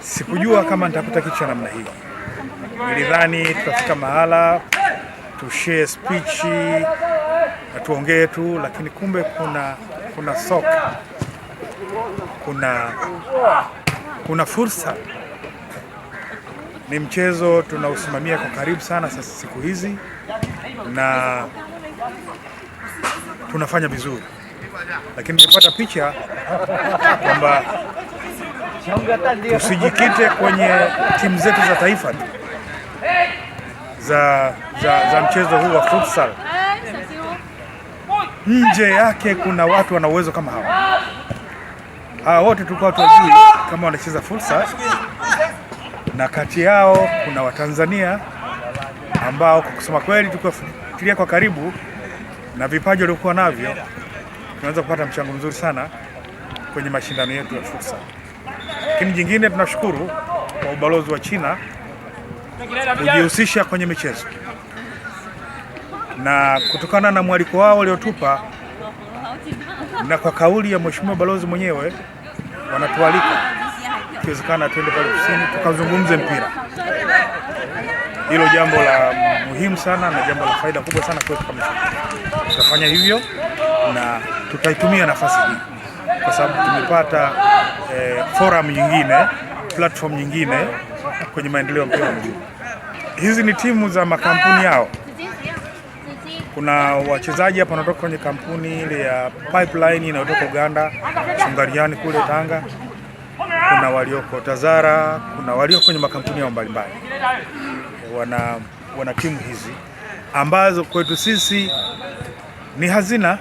Sikujua kama nitakuta kitu cha namna hii. Nilidhani tutafika mahala tushare speech na tuongee tu, lakini kumbe kuna kuna soka, kuna kuna fursa. Ni mchezo tunausimamia kwa karibu sana sasa siku hizi na tunafanya vizuri, lakini nimepata picha kwamba Tusijikite kwenye timu zetu za taifa za, za, za mchezo huu wa futsal. Nje yake kuna watu wana uwezo kama hawa hawa wote, tulikuwa tuwajui kama wanacheza futsal, na kati yao kuna Watanzania ambao kwa kusema kweli tukiwafuatilia kwa karibu na vipaji waliokuwa navyo tunaweza kupata mchango mzuri sana kwenye mashindano yetu ya futsal. Lakini jingine tunashukuru kwa ubalozi wa China kujihusisha kwenye michezo na kutokana na mwaliko wao waliotupa na kwa kauli ya mheshimiwa balozi mwenyewe wanatualika ikiwezekana twende pale kusini tukazungumze mpira. Hilo jambo la muhimu sana na jambo la faida kubwa sana kwetu kama tutafanya hivyo na tutaitumia nafasi hii kwa sababu tumepata eh, forum nyingine, platform nyingine kwenye maendeleo ya mpira wa miguu. Hizi ni timu za makampuni yao. Kuna wachezaji hapa wanatoka kwenye kampuni ile ya Pipeline inayotoka Uganda, Shungariani kule Tanga, kuna walioko Tazara, kuna walioko kwenye makampuni yao mbalimbali, wana, wana timu hizi ambazo kwetu sisi ni hazina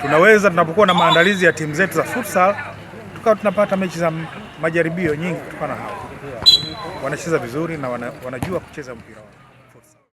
tunaweza tunapokuwa na maandalizi ya timu zetu za futsal tukawa tunapata mechi za majaribio nyingi kutokana na hapo, wanacheza vizuri na wana, wanajua kucheza mpira.